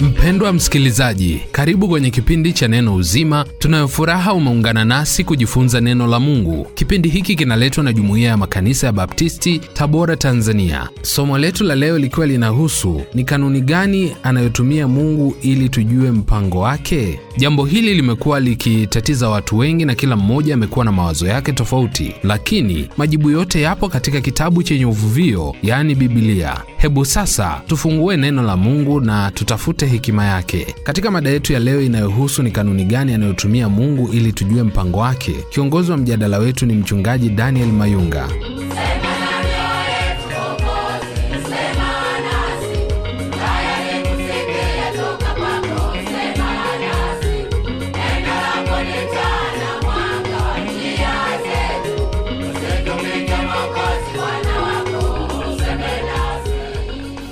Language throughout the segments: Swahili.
Mpendwa msikilizaji, karibu kwenye kipindi cha Neno Uzima. Tunayofuraha umeungana nasi kujifunza neno la Mungu. Kipindi hiki kinaletwa na Jumuiya ya Makanisa ya Baptisti, Tabora, Tanzania. Somo letu la leo likiwa linahusu ni kanuni gani anayotumia Mungu ili tujue mpango wake. Jambo hili limekuwa likitatiza watu wengi na kila mmoja amekuwa na mawazo yake tofauti, lakini majibu yote yapo katika kitabu chenye uvuvio, yani bibilia Hebu sasa tufungue neno la Mungu na tutafute yote hekima yake. Katika mada yetu ya leo inayohusu ni kanuni gani anayotumia Mungu ili tujue mpango wake, kiongozi wa mjadala wetu ni mchungaji Daniel Mayunga.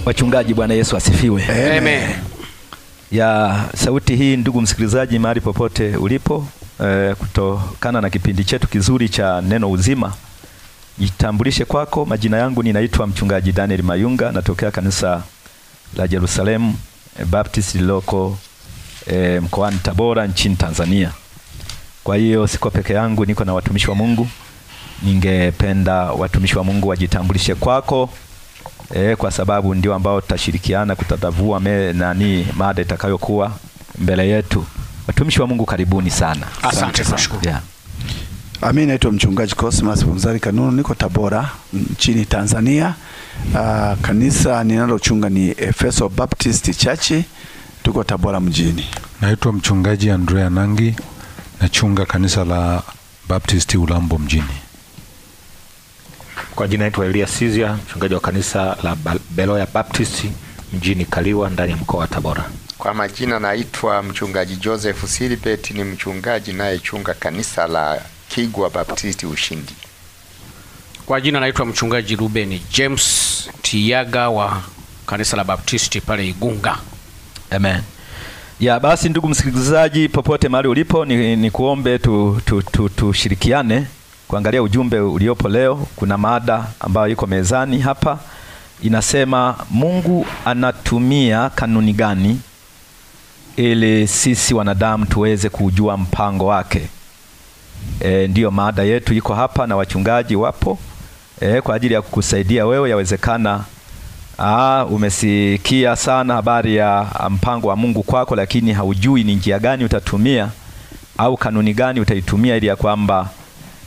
Wachungaji, Bwana Yesu asifiwe. Amen ya sauti hii, ndugu msikilizaji, mahali popote ulipo e, kutokana na kipindi chetu kizuri cha neno uzima, jitambulishe kwako. Majina yangu ninaitwa mchungaji Daniel Mayunga, natokea kanisa la Jerusalemu eh, Baptist liloko e, mkoani Tabora nchini Tanzania. Kwa hiyo siko peke yangu, niko na watumishi wa Mungu. Ningependa watumishi wa Mungu wajitambulishe kwako e, kwa sababu ndio ambao tutashirikiana kutadavua me, nani mada itakayokuwa mbele yetu. Watumishi wa Mungu karibuni sana. Asante sana. Yeah. Amina, naitwa mchungaji Cosmas Bunzari Kanunu, niko Tabora nchini Tanzania. Uh, kanisa ninalochunga ni Efeso Baptist Church, tuko Tabora mjini. Naitwa mchungaji Andrea Nangi, nachunga kanisa la Baptist Ulambo mjini. Kwa jina naitwa Elia Sizia, mchungaji wa kanisa la Beloya Baptist mjini Kaliwa ndani ya mkoa wa Tabora. Kwa majina naitwa mchungaji Joseph Silibet, ni mchungaji naye chunga kanisa la Kigwa Baptist Ushindi. Kwa jina naitwa mchungaji Ruben James Tiaga wa kanisa la Baptisti pale Igunga. Amen. Ya basi, ndugu msikilizaji, popote mahali ulipo, ni, ni kuombe tushirikiane tu, tu, tu kuangalia ujumbe uliopo leo. Kuna mada ambayo iko mezani hapa inasema, Mungu anatumia kanuni gani ili sisi wanadamu tuweze kujua mpango wake? E, ndiyo mada yetu iko hapa na wachungaji wapo e, kwa ajili ya kukusaidia wewe. Yawezekana aa, umesikia sana habari ya mpango wa Mungu kwako, lakini haujui ni njia gani utatumia au kanuni gani utaitumia ili ya kwamba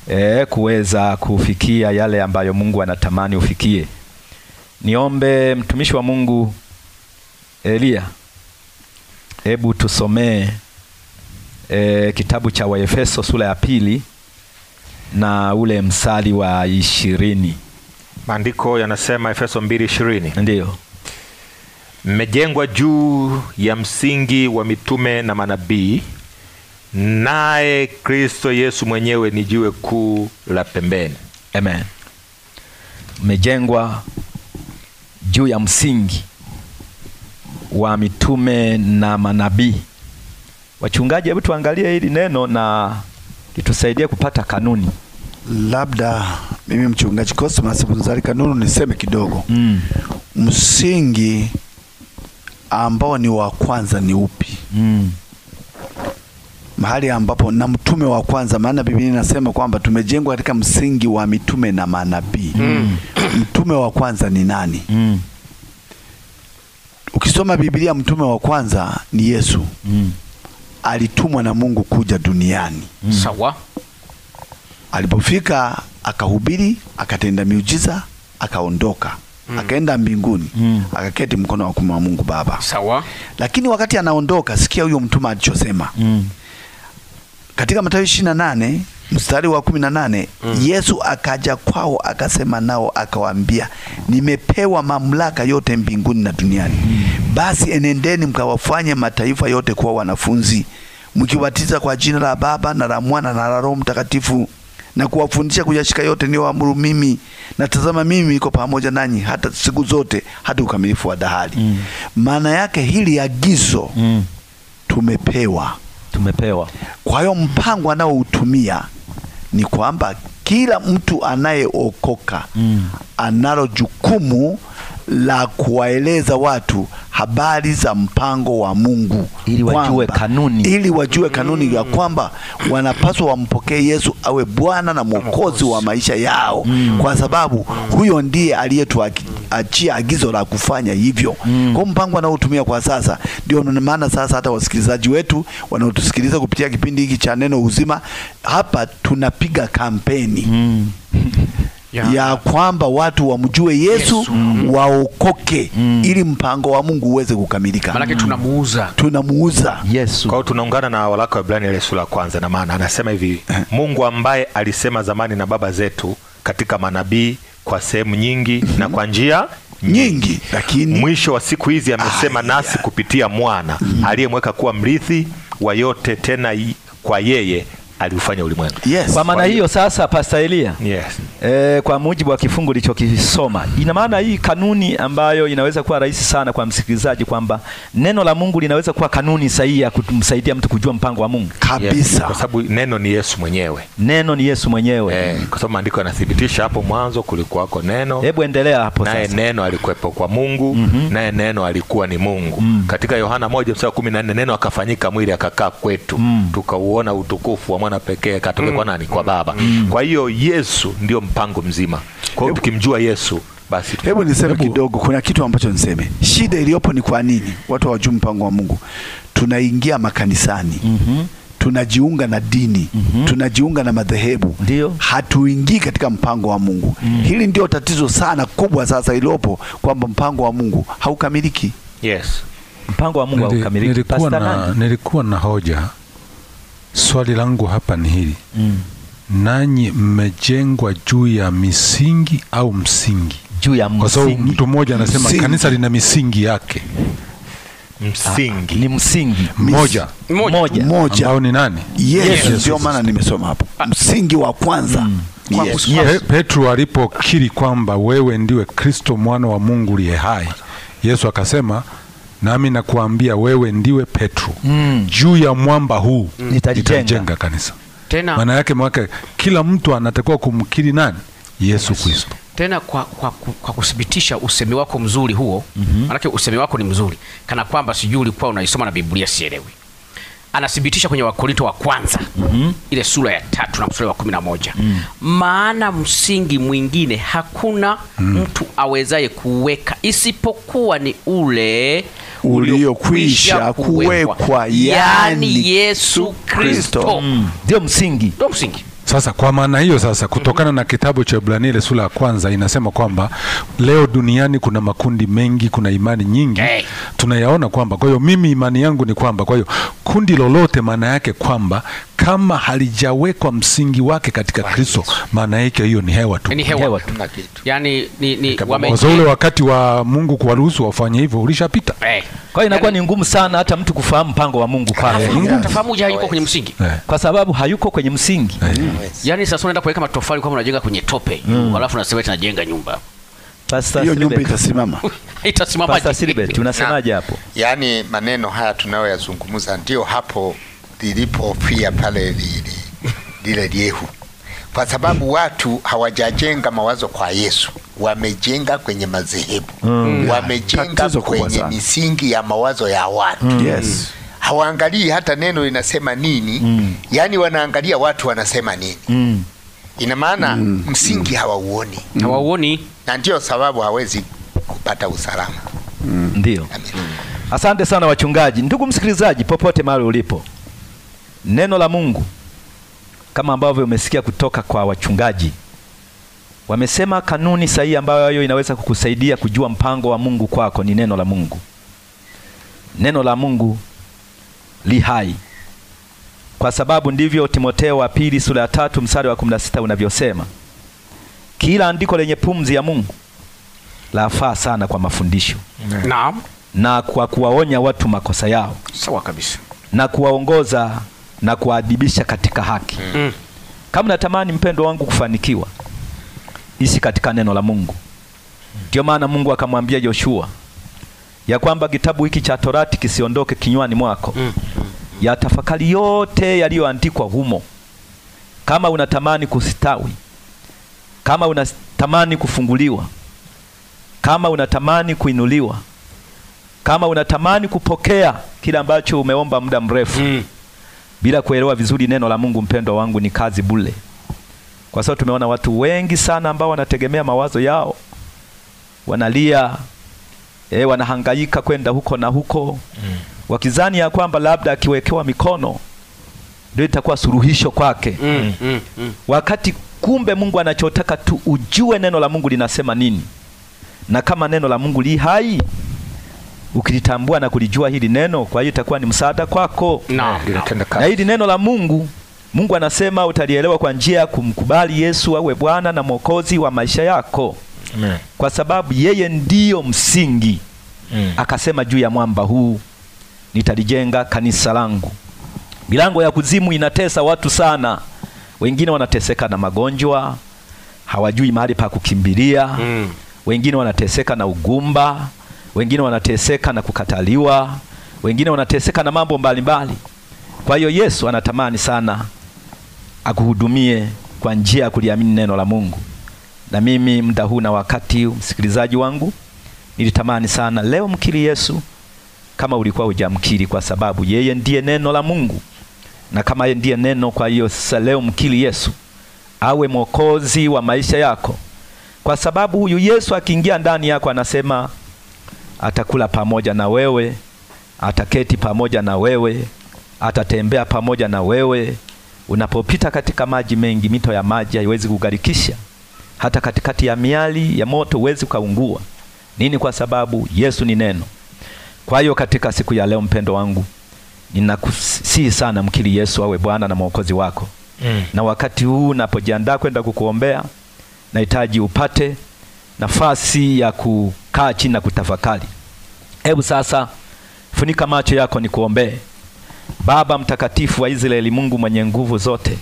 e, kuweza kufikia yale ambayo Mungu anatamani ufikie. Niombe mtumishi wa Mungu Elia, hebu tusomee e, kitabu cha Waefeso sura ya pili na ule msali wa ishirini. Maandiko yanasema Efeso 2:20. Ndiyo. Mmejengwa juu ya msingi wa mitume na manabii naye Kristo Yesu mwenyewe ni jiwe kuu la pembeni. Amen. Mmejengwa juu ya msingi wa mitume na manabii. Wachungaji, hebu tuangalie hili neno na litusaidie kupata kanuni. Labda mimi mchungaji Cosmas Bunzari kanuni niseme kidogo mm. Msingi ambao ni wa kwanza ni upi? mm mahali ambapo na mtume wa kwanza, maana Biblia inasema kwamba tumejengwa katika msingi wa mitume na manabii mm. mtume wa kwanza ni nani? mm. Ukisoma Biblia mtume wa kwanza ni Yesu mm. alitumwa na Mungu kuja duniani mm. sawa. Alipofika akahubiri, akatenda miujiza, akaondoka mm. akaenda mbinguni mm. akaketi mkono wa kuume wa Mungu Baba sawa. Lakini wakati anaondoka, sikia huyo mtume alichosema mm katika Mathayo ishirini na nane mstari wa kumi na nane mm. Yesu akaja kwao akasema nao akawaambia, nimepewa mamlaka yote mbinguni na duniani mm. Basi enendeni mkawafanye mataifa yote kuwa wanafunzi, mkiwatiza kwa jina la Baba na la Mwana na la Roho Mtakatifu na kuwafundisha kuyashika yote niyoamuru mimi, na tazama, mimi niko pamoja nanyi hata siku zote hata ukamilifu wa dahari. Mm. Maana mm. yake hili agizo mm. tumepewa tumepewa. Kwa hiyo mpango anaoutumia ni kwamba kila mtu anayeokoka mm. analo jukumu la kuwaeleza watu habari za mpango wa Mungu ili wajue kanuni, ili wajue kanuni mm. ya kwamba wanapaswa wampokee Yesu awe Bwana na Mwokozi wa maisha yao mm. kwa sababu huyo ndiye aliyetuhakikishia ametuachia agizo la kufanya hivyo mm. Kwa mpango anaotumia kwa sasa, ndio maana sasa hata wasikilizaji wetu wanaotusikiliza kupitia kipindi hiki cha Neno Uzima, hapa tunapiga kampeni mm. Yeah. ya kwamba watu wamjue Yesu, Yesu. Mm. waokoke mm. ili mpango wa Mungu uweze kukamilika. Maana mm. tunamuuza, tunamuuza Yesu. Kwa hiyo tunaungana na waraka wa Ibrania ile sura ya kwanza, na maana anasema hivi eh. Mungu ambaye alisema zamani na baba zetu katika manabii kwa sehemu nyingi mm -hmm. na kwa njia nyingi, lakini mwisho wa siku hizi amesema ah, nasi yeah. kupitia mwana mm -hmm. aliyemweka kuwa mrithi wa yote tena kwa yeye aliufanya ulimwengu. Yes, kwa maana hiyo sasa, Pastor Elia, yes. E, kwa mujibu wa kifungu lichokisoma, ina maana hii kanuni ambayo inaweza kuwa rahisi sana kwa msikilizaji kwamba neno la Mungu linaweza kuwa kanuni sahihi ya kumsaidia mtu kujua mpango wa Mungu kabisa, yes, kwa sababu neno ni Yesu mwenyewe, neno ni Yesu mwenyewe eh, kwa sababu maandiko yanathibitisha hapo mwanzo kulikuwa kwa neno. Hebu endelea hapo sasa. Naye neno alikuwepo kwa Mungu mm -hmm. naye neno alikuwa ni Mungu mm. katika Yohana 1:14 neno akafanyika mwili akakaa kwetu mm. tukauona utukufu wa mwana pekee katoke kwa mm. nani? Kwa Baba mm. Kwa hiyo Yesu ndio mpango mzima. Kwa hiyo tukimjua Yesu basi. Hebu niseme kidogo, kuna kitu ambacho niseme. Shida iliyopo ni kwa nini watu hawajui mpango wa Mungu? Tunaingia makanisani mhm. Tunajiunga na dini mm -hmm. Tunajiunga na madhehebu, hatuingii katika mpango wa Mungu mm. Hili ndio tatizo sana kubwa sasa iliyopo kwamba mpango wa Mungu haukamiliki. Yes. Mpango wa Mungu haukamiliki. Nilikuwa na, nilikuwa na hoja swali langu hapa ni hili mm. nanyi mmejengwa juu ya misingi au msingi? Juu ya msingi. Kwa sababu mtu mmoja anasema msingi. kanisa lina misingi yake msingi ah, ni msingi mmoja mmoja mmoja ambao ni nani? Yesu. Ndio maana nimesoma hapo ah. msingi wa kwanza mm. Yes. Yes. Petro alipokiri kwamba wewe ndiwe Kristo mwana wa Mungu liye hai, Yesu akasema nami nakuambia wewe ndiwe Petro mm. juu ya mwamba huu mm. nitajenga kanisa. Tena maana yake mwake, kila mtu anatakiwa kumkiri nani? Yesu yes. Kristo. Tena kwa, kwa, kwa kuthibitisha usemi wako mzuri huo mm -hmm. Manake usemi wako ni mzuri, kana kwamba sijui ulikuwa unaisoma na Biblia sielewi anathibitisha kwenye Wakorinto wa kwanza mm -hmm. ile sura ya tatu na mstari wa kumi na moja mm. maana msingi mwingine hakuna mm. mtu awezaye kuweka isipokuwa ni ule uliokwisha kuwekwa, yaani yani Yesu Kristo. Mm. Ndio msingi, ndio msingi sasa kwa maana hiyo sasa, mhm. kutokana na kitabu cha Ibrania ile sura ya kwanza inasema kwamba leo duniani kuna makundi mengi, kuna imani nyingi hey. Tunayaona kwamba, kwa hiyo mimi imani yangu ni kwamba, kwa hiyo kundi lolote, maana yake kwamba kama halijawekwa msingi wake katika Kristo, maana yake hiyo ni hewa tu, ni hewa tu. Yani ni, ni wameje ule wakati wa Mungu kuwaruhusu wafanye hivyo ulishapita. Eh. Kwa hiyo inakuwa yani, ni ngumu sana hata mtu kufahamu mpango wa Mungu pale. Mungu atafahamu je hayuko kwenye msingi? Eh. Kwa sababu hayuko kwenye msingi. Eh. Mm. Yaani sasa unaenda kuweka matofali kama unajenga kwenye tope, mm. Alafu unasema tunajenga nyumba. Pastor hiyo nyumba itasimama. itasimama. Pastor Silbert, unasemaje hapo? Yaani maneno haya tunayoyazungumza ndio hapo lilipofia pale lili, lile lyehu, kwa sababu watu hawajajenga mawazo kwa Yesu, wamejenga kwenye madhehebu mm. mm. wamejenga kwenye misingi ya mawazo ya watu mm. yes. Mm. hawaangalii hata neno linasema nini mm. yaani wanaangalia watu wanasema nini mm. ina maana mm. mm. msingi hawauoni mm. hawauoni, na ndiyo sababu hawezi kupata usalama mm. ndio. Asante sana wachungaji. Ndugu msikilizaji, popote mahali ulipo Neno la Mungu kama ambavyo umesikia kutoka kwa wachungaji, wamesema kanuni sahihi ambayo inaweza kukusaidia kujua mpango wa Mungu kwako ni neno la Mungu. Neno la Mungu li hai, kwa sababu ndivyo Timotheo wa pili sura ya tatu mstari wa 16 unavyosema, kila andiko lenye pumzi ya Mungu lafaa sana kwa mafundisho na kwa kuwaonya watu makosa yao. Sawa kabisa. na kuwaongoza na kuadibisha katika haki mm. mm. Kama natamani mpendo wangu kufanikiwa, ishi katika neno la Mungu. Ndio maana Mungu akamwambia Joshua ya kwamba kitabu hiki cha Torati kisiondoke kinywani mwako mm. ya tafakari yote yaliyoandikwa humo. Kama unatamani kustawi, kama unatamani kufunguliwa, kama unatamani kuinuliwa, kama unatamani kupokea kile ambacho umeomba muda mrefu mm. Bila kuelewa vizuri neno la Mungu, mpendwa wangu, ni kazi bule, kwa sababu tumeona watu wengi sana ambao wanategemea mawazo yao, wanalia e, wanahangaika kwenda huko na huko mm. wakizani ya kwamba labda akiwekewa mikono ndio itakuwa suluhisho kwake mm, mm, mm. wakati kumbe Mungu anachotaka tu ujue neno la Mungu linasema nini, na kama neno la Mungu li hai ukilitambua na kulijua hili neno, kwa hiyo itakuwa ni msaada kwako na, eh, na hili neno la Mungu Mungu anasema utalielewa kwa njia ya kumkubali Yesu awe Bwana na Mwokozi wa maisha yako. Amen. Kwa sababu yeye ndiyo msingi. Mm. Akasema juu ya mwamba huu nitalijenga kanisa langu. Milango ya kuzimu inatesa watu sana. Wengine wanateseka na magonjwa, hawajui mahali pa kukimbilia. Mm. Wengine wanateseka na ugumba, wengine wanateseka na kukataliwa, wengine wanateseka na mambo mbalimbali. Kwa hiyo Yesu anatamani sana akuhudumie kwa njia ya kuliamini neno la Mungu. Na mimi muda huu na wakati, msikilizaji wangu, nilitamani sana leo mkiri Yesu kama ulikuwa hujamkiri, kwa sababu yeye ndiye neno la Mungu, na kama yeye ndiye neno, kwa hiyo sasa leo mkiri Yesu awe mwokozi wa maisha yako, kwa sababu huyu Yesu akiingia ndani yako anasema atakula pamoja na wewe, ataketi pamoja na wewe, atatembea pamoja na wewe. Unapopita katika maji mengi, mito ya maji haiwezi kugarikisha, hata katikati ya miali ya moto huwezi ukaungua. Nini? Kwa sababu Yesu ni neno. Kwa hiyo katika siku ya leo, mpendo wangu, ninakusihi sana, mkili Yesu awe Bwana na Mwokozi wako. Mm. Na wakati huu napojiandaa kwenda kukuombea, nahitaji upate nafasi ya ku kaa chini na kutafakari. Hebu sasa funika macho yako nikuombee. Baba mtakatifu wa Israeli, Mungu mwenye nguvu zote,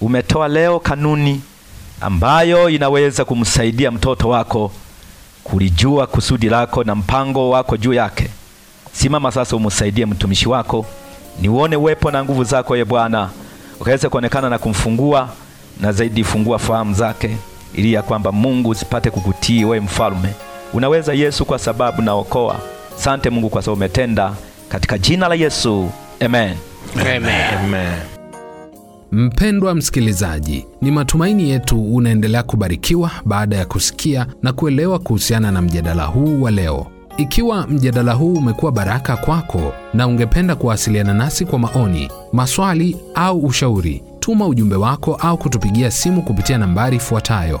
umetoa leo kanuni ambayo inaweza kumsaidia mtoto wako kulijua kusudi lako na mpango wako juu yake. Simama sasa, umsaidie mtumishi wako, niuone uwepo na nguvu zako, ye ee Bwana, ukaweze kuonekana na kumfungua na zaidi, fungua fahamu zake ili ya kwamba Mungu usipate kukutii wewe mfalme Unaweza Yesu, kwa sababu naokoa. Sante Mungu kwa sababu umetenda, katika jina la Yesu amen. Amen. Amen. Mpendwa msikilizaji, ni matumaini yetu unaendelea kubarikiwa baada ya kusikia na kuelewa kuhusiana na mjadala huu wa leo. Ikiwa mjadala huu umekuwa baraka kwako na ungependa kuwasiliana nasi kwa maoni, maswali au ushauri, tuma ujumbe wako au kutupigia simu kupitia nambari ifuatayo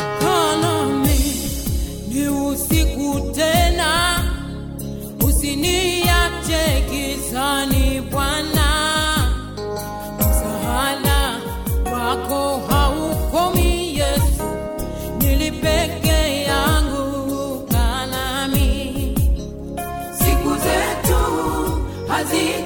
Brasil.